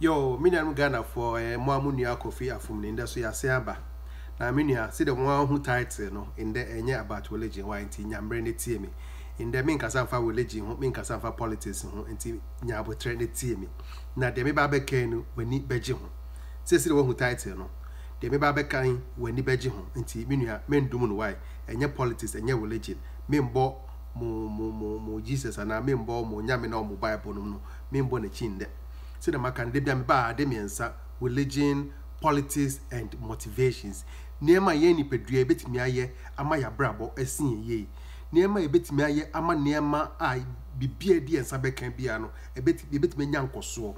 yo me nuanom ghanafoɔ eh, mo a mo nua kofi afomni ndɛ so yɛase aba na me nua sɛ dɛ mo aho title no ndɛ ɛnyɛ eh, about religion wa nti nyamberɛ ne tie me ndɛ menkasa mfa religion ho menkasa mfa politics ho nti nyaabotrɛ ne tie me na deɛ meba bɛkae no w'ani bɛgye ho sɛsi dɛ woahu title no deɛ meba bɛkae w'ani bɛgye ho nti me nua mendom no wae eh, ɛnyɛ politics ɛnyɛ eh, religion membɔ mo mo mo mo jesus anaa membɔ mo nyame na ɔmo bible nom no membɔ n'akyi ndɛ sɛdeɛ maka no dabia mebaa ade mmiɛnsa religion politics and motivations nneɛma a yɛn nipadua yɛbɛtumi ayɛ ama yɛabrabɔ asi yɛn yie nneɛma a yɛbɛtumi ayɛ ama nneɛma a biribi a ɛdi yɛn nsa bɛka bia no yɛbɛtumi anya nkɔsoɔ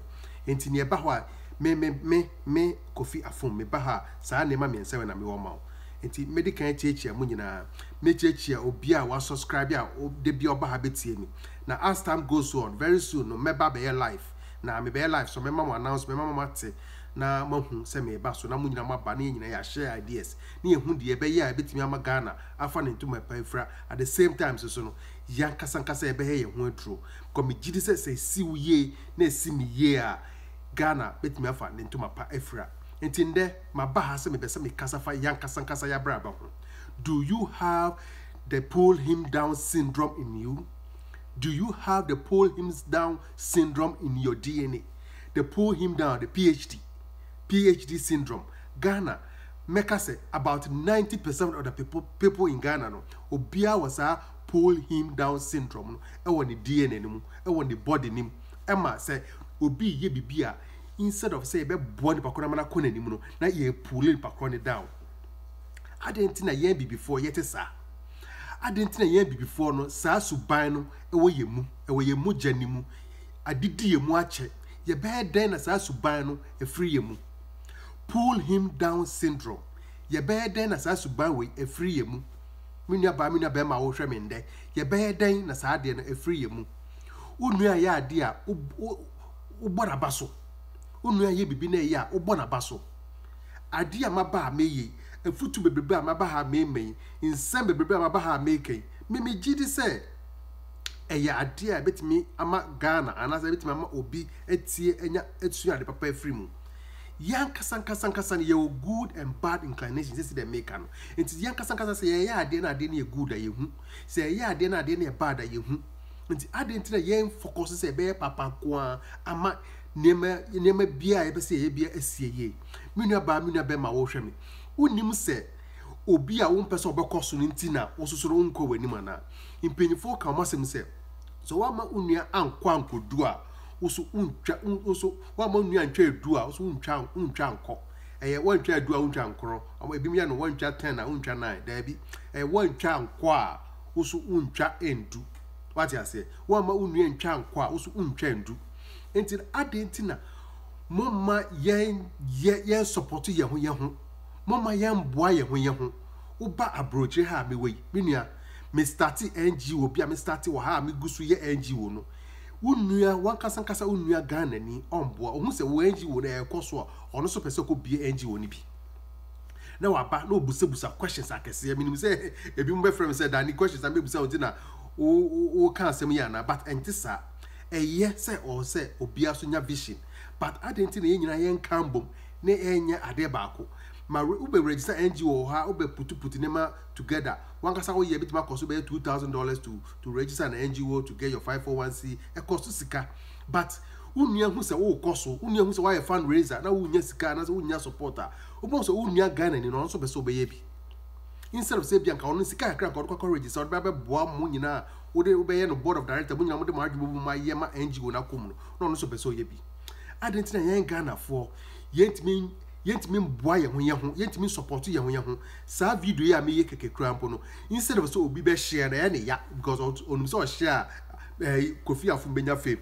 nti nea ɛba hɔ a me me me me kofi afom me ba ha saa nneɛma mmiɛnsa wɛ na mewɔ ma wo nti mede kan akyiakyia mu nyinaa mekyiakyia obi a wasubscribe a da bi ɔba ha bɛtie mi na as time goes on very soon no mɛba bɛyɛ live na mebɛyɛ live so mɛma mo announce mɛma mo ate na mahu sɛ meba so na mo nyinaa moaba na yɛnyina yɛahyɛ ideas ne yɛhu deɛ ɛbɛyɛ a ɛbɛtumi ama ghana afa ne ntoma ɛpa afira at the same time so so no yɛnkasankasa yɛbɛyɛ yɛn ho aduro because megye di sɛ sɛ ɛsi wo yie na ɛsi me yie a ghana bɛtumi afa ne ntoma pa afira nti ndɛ maba ha sɛ mepɛ sɛ mekasa fa yɛnkasankasa yɛabrɛ aba ho do you have the pull him down syndrome in you Do you have the pull him down syndrome in your DNA? The pull him down, the PhD, PhD syndrome. Ghana, Mecca say about 90% of the people, people in Ghana, no, Obia was a pull him down syndrome. No, ɛwɔ the DNA no mu, ɛwɔ body no Emma sɛ obi ye bibi instead of say yɛbɛboa nipa pakona mana kone n'anim na yɛ pull nipa korɔ ne down. not nti na yɛn before yɛte saa. adị ntị na ya ebibifoɔ no saa suban no ɛwɔ yɛn ɛwɔ yɛn mu gya ne adidi yɛn mu akyɛ yɛbɛyɛ dɛn na saa suban no efiri yɛn pull him down syndrome yɛbɛyɛ dɛn na saa suban wei efiri yɛn mu me nua baa me nua bɛrima a wɔhwɛ mi ndɛ yɛbɛyɛ dɛn na saa adeɛ no efiri yɛn mu onua yɛ adeɛ a wobɔ n'aba so onua yɛ bibi na ɛyɛ a wobɔ n'aba so adeɛ a maba a meyɛ efutu bebrebe a maba ha mema yi nsɛm bebrebe a maba ha meka yi mimi gyi di sɛ ɛyɛ adeɛ a ebetumi ama ghana anaasɛ ebetumi ama obi etie enya etua ade papa efiri mu yɛn kasa nkasa nkasa no yɛwɔ good and bad inclination sɛ si dɛ meka no nti yɛn kasa nkasa sɛ yɛyɛ adeɛ na adeɛ no yɛ good a yɛ hu sɛ yɛyɛ adeɛ na adeɛ no yɛ bad a yɛ hu nti adeɛ nti na yɛn focus sɛ ɛbɛyɛ papa koa ama nneɛma nneɛma bia a yɛbɛsɛ yɛyɛ bia esie yie mi nua baa mi nua bɛrima wɔrehwɛ mi wonim sɛ obi a wompɛ sɛ ɔbɛkɔ so no nti na wososo no wonkɔ w'anim anaa mpanyimfoɔ ka ɔmasɛm sɛ sɛ woama wo nua ankɔ ankɔdu a woso wontwa woso woama nua antwa edu a woso wontwa wontwa ankɔ ɛyɛ wontwa edu a wontwa nkorɔ ebi mu yɛ no wontwa ten a wontwa nine daabi ɛyɛ wontwa nkɔ a woso wontwa ndu wate aseɛ woama wo nua ntwa nkɔ a woso wontwa ndu nti adeɛ nti na mo ma yɛn yɛ yɛn sɔpɔtɔ yɛn ho yɛn ho. mama mbụa yɛn hụ ya ụba ụba ha a mewɔ yi ngo bia a ha a megu so yɛ ngo no wo wankasa nkasa wo nua ghana ni ɔmboa ohun sɛ ngo no so a ɔno pɛ sɛ bie ngo no bi na waba na obusabusa questions akɛseɛ menim sɛ ebi bɛfrɛ sɛ questions a mebusa wɔn ti na woka asɛm yi ana but saa ɛyɛ sɛ ɔwɔ sɛ so nya vision but nti na yɛn nyinaa yɛn ma wobɛ register ngo wɔ ha wobɛ putuputu nneɛma together wankasa wo yɛ bituma kɔ so bɛyɛ two thousand dollars to to register na ngo to get your five four one c ɛkɔ so sika but wonua ho sɛ wokɔ so wonua ho sɛ woayɛ fundraiser?" raiser na wonya sika anaasɛ wonya support a wobɛhu sɛ wonua ghana ni na ɔno nso bɛ sɛ wobɛyɛ bi instead of sɛ bia nka ɔno sika kakra nka ɔde kɔkɔ register ɔde bɛbɛboa mo nyinaa wode wobɛyɛ no board of director mo nyinaa de mo adwuma mu ma yɛ ma ngo na kɔm no na ɔno nso bɛ sɛ ɔyɛ bi adɛn nti na yɛn ghanafoɔ yɛntumi yɛntumi mboa yɛn ho yɛn ho yɛntumi sɔpɔtɔ yɛn ho yɛn ho saa video yi a meyɛ kɛkɛ kura mpo no instead of sɛ obi bɛhyɛ no ɛyɛ ne ya because onim sɛ ɔhyɛ a ɛɛ eh, kofi afun bɛnya fame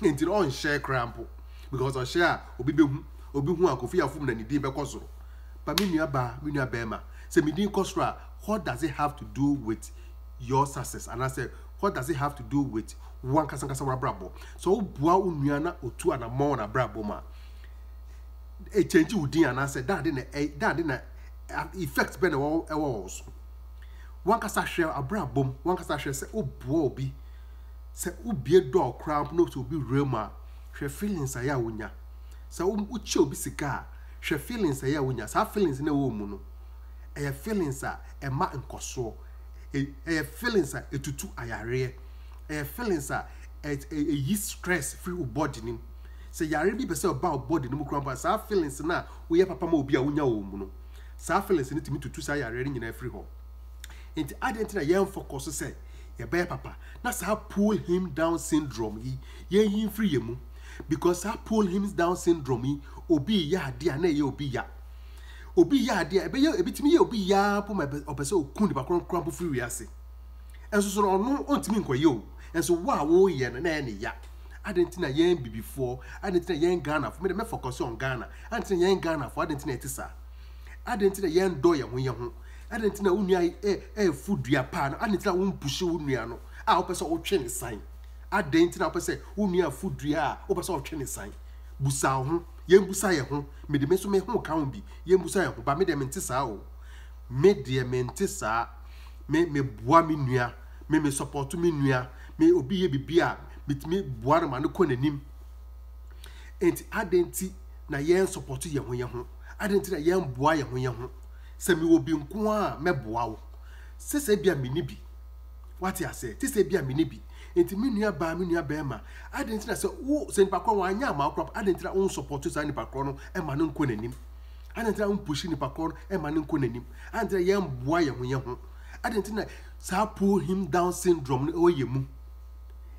nti no ɔnhyɛ kura mpo because ɔhyɛ a obi bɛhu obi hu a kofi afun na ne din bɛkɔ soro but me nua baa me nua bɛrima sɛ me din kɔ soro a what does it have to do with your success anaasɛ what does it have to do with wọn kasankasa wọn abrabɔ so o bua o nua na otu anamɔ wọn abrabɔ mu a ɛkyɛnkyi wo din anaasɛ daade na ɛ daade na effect bɛ na ɛwɔ wɔ so wankasa hwɛ abrabom wankasa hwɛ sɛ oboa obi sɛ obie dɔɔ koraa na sɛ obi wura mu a hwɛ oh, oh, oh, feelings a yɛ ah, a wonya sɛ wokye obi sika a hwɛ feelings ah, a yɛ ah, a wonya saa feelings na ɛwɔ mu no ɛyɛ feelings a ɛma nkɔsoɔ ɛyɛ feelings a ɛtutu ayareɛ ɛyɛ feelings a ɛyi stress firi wo body sɛ yare bi pɛ sɛ ɔba wo body no mu koraa mpo saa feelings no a woyɛ papa ma obi a wonya wɔ mu no saa feelings no tumi tutu saa yare no nyinaa firi hɔ nti adeɛ nti na yɛmfɔ kɔ so sɛ yɛbɛyɛ papa na saa pull him down syndrome yi yɛnyi mfiri yɛ mu because saa pull him down syndrome yi obi yɛ adeɛ a na ɛyɛ obi ya obi yɛ adeɛ ɛbɛyɛ ebitumi yɛ obi yaa po ma ɔpɛ sɛ oku nipa korankora po firi wiase ɛnso so no ɔno ɔntumi nkɔyɛ o ɛnso wo a wɔreyɛ no na ɛyɛ ne ya adanti na yɛn bibifoɔ adanti na yɛn ghanafoɔ mɛ de mɛ fɔkɔsi ghana adanti na yɛn ghanafoɔ adanti na ɛte saa adanti na yɛn dɔ yɛn ho yɛn ho adanti na wo nua ɛ ɛ fu dua paa no adanti na wo mpusi wo nua no a wopɛ sɛ wotwe ne san adanti na wopɛ sɛ wo nua fu dua a wopɛ sɛ wotwe ne san busa wo ho yɛn busa yɛn ho mɛ de mɛ nso mɛ ho kan bi yɛn busa yɛn ho ba mɛ deɛ mɛ nte saa o mɛ deɛ mɛ nte saa mɛ mɛ bua mi nua mɛ mɛ sɔpɔtu bitumi boa no ma no kɔ n'anim nti adan ti na yɛn sɔpɔto yɛn ho yɛn ho adan ti na yɛn boa yɛn ho yɛn ho sɛ mi wɔ bi nko a mɛboa wo sese bi a mi ni bi wate ase sese bi a mi ni bi nti mi nua baa mi nua bɛrima adan ti na sɛ wo sɛ nipa korɔ wanya ama akorɔ adan ti na o nsɔpɔto saa nipa korɔ no ɛma no nkɔ n'anim adan ti na o mpushi nipa korɔ no ɛma no nkɔ n'anim adan ti na yɛn boa yɛn ho yɛn ho adan ti na saa pull him down syndrome no ɛwɔ mu.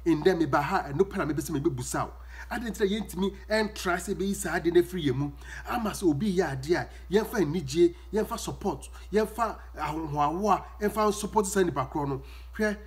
In ndɛ meba ha ɛno pɛ na mepɛ sɛ mebɛbusa wo ade ntina yɛntumi ɛntra sɛ bɛyi saa ade no afiri yɛ mu ama sɛ obi yɛ adeɛ a yɛmfa anigyeɛ fa support fa yɛmfa ahohoahoa fa support saa nipa korɔ no hwɛ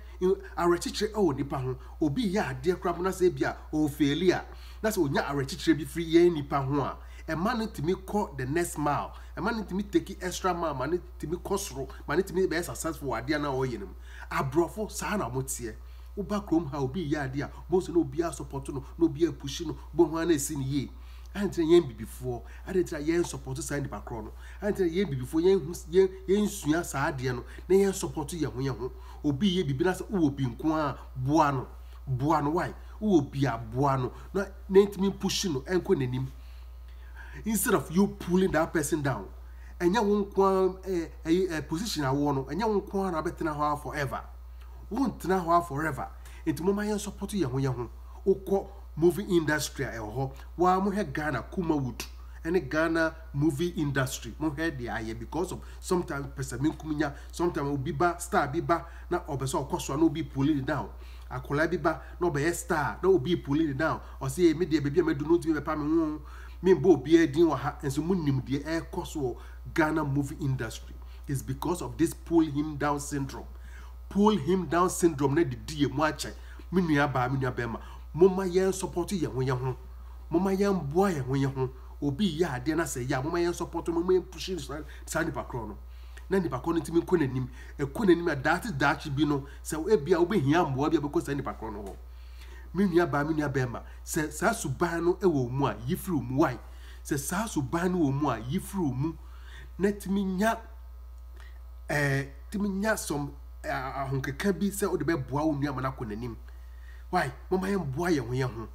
awerɛkyekyerɛ ɛwɔ nipa ho obi yɛ adeɛ koraa mo na sɛ ebi a ɔfeeli a na sɛ onya awerɛkyekyerɛ bi firi yɛn nipa ho a ɛma no tumi kɔ the next mile ɛma no tumi teki extra mile ma no tumi kɔ soro ma no tumi bɛyɛ successful wɔ adeɛ no a ɔyɛ no mu aborɔfo saa na wɔteɛ woba kurom ha obi yɛ adeɛ a bohu sɛ na obi asɔpɔto no na obi apushi no bohu a na ɛsi no yie antina yɛn bibifoɔ adetina yɛn sɔpɔto saa nipa korɔ no antina yɛn bibifoɔ yɛn yɛn yɛn sua saa adeɛ no na yɛn sɔpɔto yɛn ho yɛn ho obi yɛ bibi na sɛ wowɔ bi nko a boa no boa no wae wowɔ bi a boa no na na ntumi pushi no ɛnkɔ n'anim instead of you pulling that person down ɛnyɛ wɔn nko ara ɛɛ ɛɛ position awɔ no ɛnyɛ wɔn nko ara abɛtena hɔ forever wontena hɔ a forever nti moma yɛn support yɛn ho yɛn ho wokɔ movie industry a ɛwɔ hɔ waa mohwɛ ghana kumawood ɛne ghana movie industry mohwɛ deɛ ayɛ because of sometimes pɛsɛminkum nya sometimes obi ba star bi ba na ɔbɛ sɛ ɔkɔ soa na obi poli ne down akwadaa bi ba na ɔbɛyɛ star na obi poli ne down ɔsi emi deɛ beebi a mɛdu no ntumi bɛpa mi ho mi bɔ obi din wɔ ha nso mu nim deɛ ɛɛkɔ so ghana movie industry is because of this pull him down syndrome pull him down syndrome Ne didi yɛ mu akyɛ me nua baa me nua bɛrima moma yɛn support yɛn ho yɛn ho moma yɛn boa yɛn ho yɛn ho obi yɛ adeɛ na sɛ yɛ a moma yɛn support moma yɛn push saa nipa korɔ no na nipa korɔ no ntumi kɔ n'anim ɛkɔ n'anim a daakye daakye bi no sɛ ebia wobɛhia mboa bi a bɛkɔ saa nipa korɔ no hɔ me nua baa me nua bɛrima sɛ saa suban no wɔ mu a yi firi mu wae sɛ saa suban no wɔ mu a yi firi mu na tumi nya ɛɛ eh, tumi nya some ahokeka bi sɛ wode bɛboa wo nnuama no akɔ n'anim Wai mama yɛmboa yɛn ho yɛn ho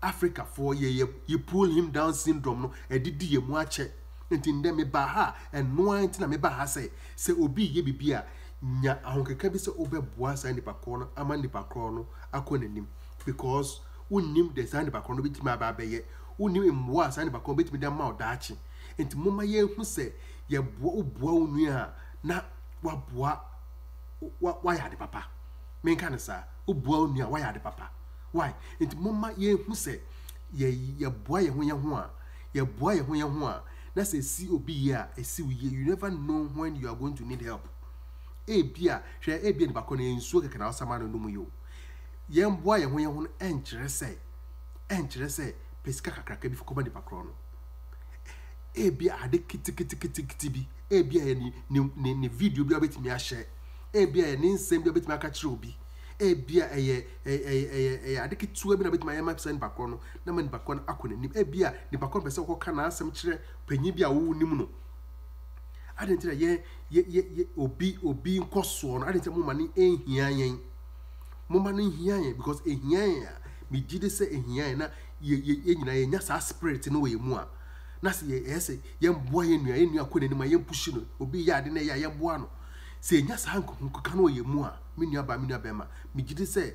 africafoɔ yɛ yɛ pull him down syndrome no ɛdidi yɛ mu akyɛ nti ndɛ meba ha ɛnoa nti na meba ha sɛ sɛ obi yɛ bibi a nya ahokeka bi sɛ wobɛboa saa nipakorɔ no ama nipakorɔ no akɔ n'anim because wonnim de saa nipakorɔ no bɛtumi aba abɛyɛ wonnim mmoa a saa nipakorɔ no bɛtumi de ama wo daakye nti moma yɛhu sɛ yɛboa woboa wo nua a na waboa wayɛ ade papa menka ne saa wobua wo nua wayɛ papa why nti momma yɛhu sɛ yɛboa yɛ ho yɛ ho a yɛboa yɛ ho yɛ ho a na sɛ si obi yie a ɛsi e O yie you never know when you are going to need help ebi a hwɛ ebi a nipa kɔ na nsuo kɛkɛ na ɔsama no nom yi o yɛn boa yɛn ho yɛn ho no ɛnkyerɛ e sɛ ɛnkyerɛ e sɛ pesika kakraka bi kɔma nipa korɔ no ebi a ade kitikitikitikiti bi ebi a yɛ ni ni ne video bi a ɔbɛtumi ahyɛ ebi a ne nsɛm bi a bɛtumi aka kyerɛ obi ebi a ɛyɛ ɛyɛ ɛyɛ ɛyɛ ade ketewa bi na bɛtumi ayɛ ma nipa korɔ no na ma nipa korɔ no akɔ n'anim ebi a nipa korɔ pɛ sɛ ɔkɔka n'asɛm kyerɛ panyin bi a wɔwɔ nim no ade nti na yɛ yɛ yɛ yɛ obi obi nkɔsoɔ no ade nti na mo ma ne ehia yɛn mo ma ne hia yɛn because ehia yɛn a mi gyi de sɛ ehia yɛn na yɛ yɛ yɛ nyinaa yɛ nya saa spirit no wɔ yɛn mu a na sɛ yɛ yɛ sɛ yɛn boa yɛn nua yɛn nua akɔ n'anim a yɛn pushi no obi yɛ ade na yɛ a yɛ boa no sɛ ɛnya saa nkoka no ɔyɛ mu a me nua ba me nua bɛrima megye di sɛ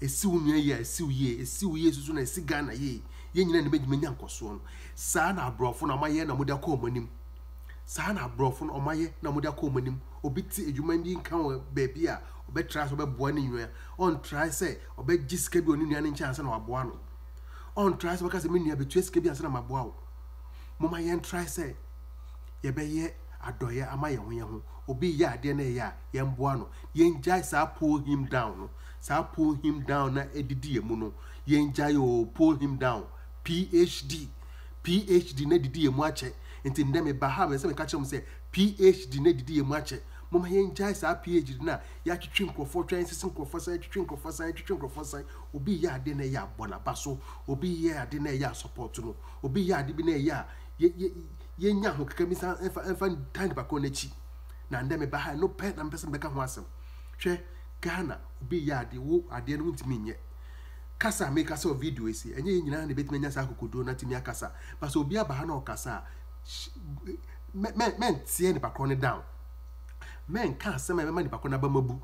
esi wo nua yie a esi yie esi yie soso na esi ghana yie yɛn nyinaa na ɛbɛ dwuma nya nkɔsoɔ no saa na aborɔfo na ɔmayɛ na ɔmode akɔ ɔmo anim saa na aborɔfo na ɔmayɛ na ɔmode akɔ ɔmo anim obi ti adwuma bi nka wɔ beebi a ɔbɛtra so ɔbɛboa ne nua ɔntra sɛ ɔbɛgye sika bi wɔ ne nua ne nkyɛn ansa na waboa no ɔntra sɛ ɔbɛka sɛ me nua betua sika bi ansa na maboa wo moma yɛntra sɛ yɛbɛyɛ adɔeɛ ama yɛn ho yɛn ho obi yɛ adeɛ no ɛyɛ a yɛmboa no yɛngyae saa pull him down no saa pull him down na ɛdidi yɛn mu no yɛngyae o pull him down phd phd na didi yɛn mu akyɛ nti ndɛ mi ba ha bɛ sɛ mi ka kyerɛ mu sɛ phd na didi yɛn mu akyɛ moma yɛngyae saa phd na yɛatwitwi nkurɔfoɔ twɛn sisi nkurɔfoɔ san atwitwi nkurɔfoɔ san atwitwi nkurɔfoɔ san obi yɛ adeɛ na ɛyɛ abɔ n'aba so obi yɛ adeɛ na ɛyɛ asɔpɔt no obi yɛ adeɛ bi na ɛyɛ a yɛ yɛ yɛnya ahokeka mi san mfa mfa tank baako n'akyi na ndɛ meba ha no pɛ na mpɛ sɛ mbɛka ho asɛm hwɛ ghana obi yɛ adeɛ wo adeɛ no ntumi nyɛ kasa mi kasa o video esi ɛnyɛ yɛn nyinaa na ebetumi anya saa akokoduro na tumi akasa basa obi aba ha na ɔkasa a mɛ mɛ mɛntie nipa korɔ no down mɛnka asɛm a ɛbɛma nipa korɔ no aba ma bu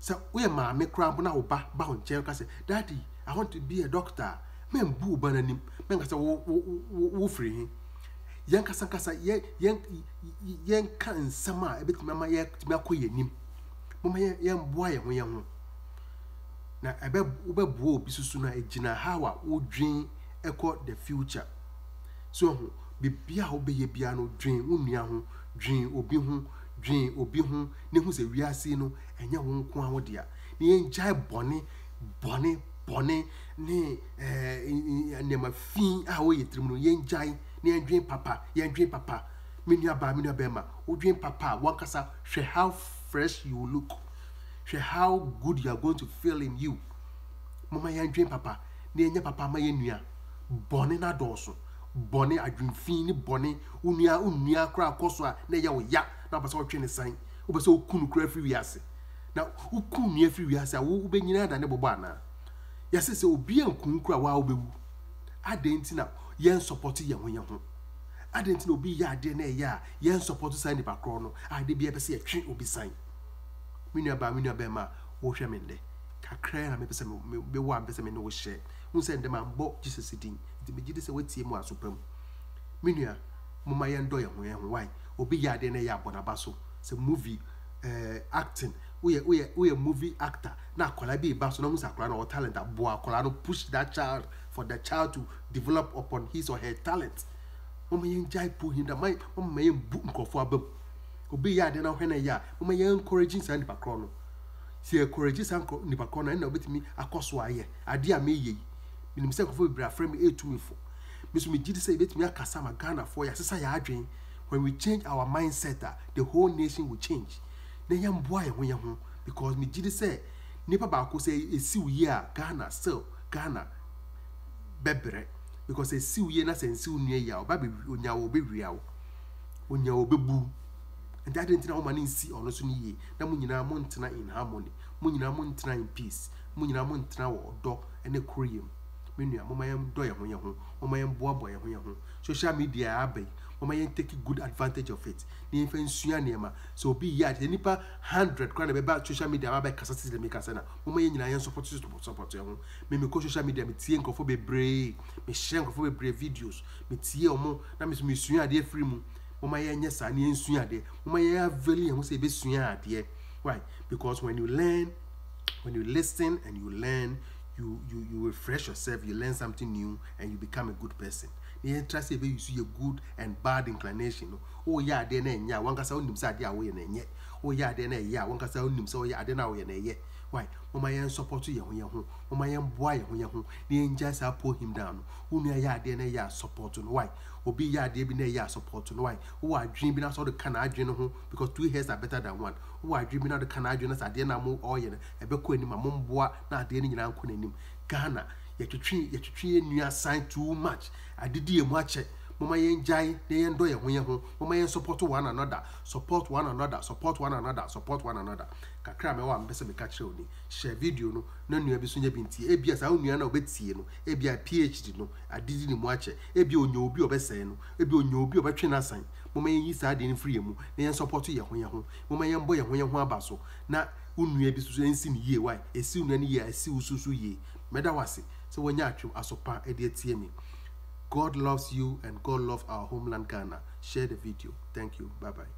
sɛ woyɛ maame koraa na wo ba ba wo nkyɛn kasa daddy i want to be a doctor mɛnbu wo ba n'anim mɛnka sɛ wo wo wo wo firi hin yɛn kasakasa yɛn yɛn yɛn ka nsɛm a ebetumi ama yɛn tumi akɔ yɛn nim moma yɛn yɛn boa yɛn ho yɛn ho na ɛbɛ wobɛboa obi soso na egyina ha a wodwin ɛkɔ the future so ho beebi a wobɛyɛ bia no dwin wo nua ho dwin obi ho dwin obi ho ne ho sɛ wiase no ɛnyɛ wo nko aho ne yɛn gyae bɔne bɔne bɔne ne ɛɛ nneɛma fi a wɔyɛ tirim no yɛn gyae na yɛndwen papa yɛndwen papa me nuabaa me nuabɛrima wodwen papa a wankasa hwɛ how fresh you look hwɛ how good you are going to feel in you mama yɛndwen papa na yɛnyɛ papa ma yɛnnua bɔne no adɔɔso bɔne adwemfin ne bɔne wonua wonua koraa kɔ so a na ɛyɛ wo ya na wopɛ sɛ wotwe ne san wopɛ sɛ woku no koraa firi wiase na woku nnua firi wiase a wobɛnyina ada ne bɔbɔ anaa yɛse sɛ obia nkun koraa waa wobɛwu adɛn nti na yɛn sɔpɔte yɛn ho yɛn ho adɛn nti na obi yɛ adeɛ na ɛyɛ a yɛn sɔpɔte saa nipa korɔ no adeɛ bi yɛ pɛ sɛ yɛtwe obi san mi nua baa mi nua bɛrima a wɔrehwɛ mi nnɛ kakra na mi pɛ sɛ mi mi wɔ a mi pɛ sɛ mi ne wo hyɛ n sɛ ndɛm a mbɔ jesus din nti mi gyi de sɛ wɔatie mu aso pɛm mi nua mo ma yɛn dɔ yɛn ho yɛn ho wae obi yɛ adeɛ na ɛyɛ abɔnaba so sɛ movie ɛɛ eh, acting woyɛ woyɛ woyɛ movie actor na akwadaa bi ba so na ɔmusa akwadaa na ɔwɔ talent aboa akwadaa no push that child for the child to develop upon his or her talent wɔn yɛn gya po him da wɔn mma yɛn bu nkurɔfoɔ aba mu obi yɛ adeɛ na ɔhwɛ na yɛ a wɔn yɛn encourage saa nipa korɔ no si encourage saa nipa korɔ no ɛnna obetumi akɔ so ayɛ adeɛ a meyɛ yi minim sɛ nkurɔfoɔ bebree afrɛ mi etumi fo nso mi gyi di sɛ ebetumi akasa ma ghana foɔ yɛ asesa yɛ adwene when we change our mindset a ah, the whole nation will change na yɛmboa yɛn ho yɛn ho because megye di sɛ nipa baako sɛ esiw yie a ghana still ghana bɛbrɛ because esiw yie na sɛ nsiw nua yie a ɔba bɛ onya wo bɛ wia wo onya wo bɛ bu nti adi ntina ɔma ne nsi ɔno so ne yie na mo nyinaa mo ntena in harmony mo nyinaa mo ntena in peace mo nyinaa mo ntena wɔ ɔdɔ ɛne koro yɛ mu me nua mo ma yɛn dɔ yɛn ho yɛn ho mo ma yɛn boaboa yɛn ho yɛn ho social media abɛn wɔma yɛn take good advantage of it na yɛmfa nsua nneɛma so obi yie adeɛ nipa hundred koraa na bɛba social media aba bɛkasa titiri mi kasa na wɔma yɛn nyinaa yɛn support support yɛn ho mɛ mi kɔ social media mi tie nkorɔfo bebree mi hyɛ nkorɔfo bebree videos mi tie wɔn na mi mi sua adeɛ firi mu wɔma yɛn nyɛ saa na yɛn sua adeɛ wɔma yɛn aveli yɛn ho sɛ ebi sua adeɛ why because when you learn when you lis ten and you learn you you you refresh yourself you learn something new and you become a good person yɛn tra sɛ ɛbɛyi so yɛ good and bad inclination no woyɛ adeɛ no ɛnyɛ a wankasa wonim sɛ adeɛ a woyɛ no ɛnyɛ woyɛ na no ɛyɛ a wankasa wonim sɛ woyɛ adeɛ no a woyɛ no why mama yɛn support yɛn ho yɛn ho mama yɛn boa yɛn ho yɛn ho na yɛn gya saa pull him down no wo nua yɛ adeɛ no a support no why obi yɛ adeɛ bi na ɛyɛ a support no why wowɔ adwene bi na sɛ wode ka n'adwene no ho because two hairs are better than one wowɔ adwene bi na wode ka n'adwene no sɛ adeɛ no a mo ɔyɛ no ɛbɛkɔ anim a momboa na adeɛ no nyinaa nkɔ n'anim ghana yɛtwitwi yɛtwitwi yɛn nua sign too much adidi yɛn mu akyɛ mɔmɔ yɛn gyae na yɛn dɔ yɛn ho yɛn ho mɔmɔ yɛn support one another support one another support one another support one another kakra mɛ wa mbɛ sɛ mɛka kyerɛw Share video no na nua bi so nyɛ bi nti ebi a saa nua na ɔbɛtie no ebi a phd no adidi ne mu akyɛ ebi onye obi ɔbɛsɛn no ebi onye obi ɔbɛtwe n'asan mɔmɔ yɛn yi saa deɛ no firi yɛn mu na yɛn support yɛn ho yɛn ho mɔmɔ yɛn bɔ yɛn ho yɛn ho aba so na wo nua bi so nsi ne yie wa esi nua ne yie esi wo so so yie mɛda wɔ ase sɛ wɔanya atwem asopa de atie me god loves you and god loves our homeland ghana share the video thank you bye bye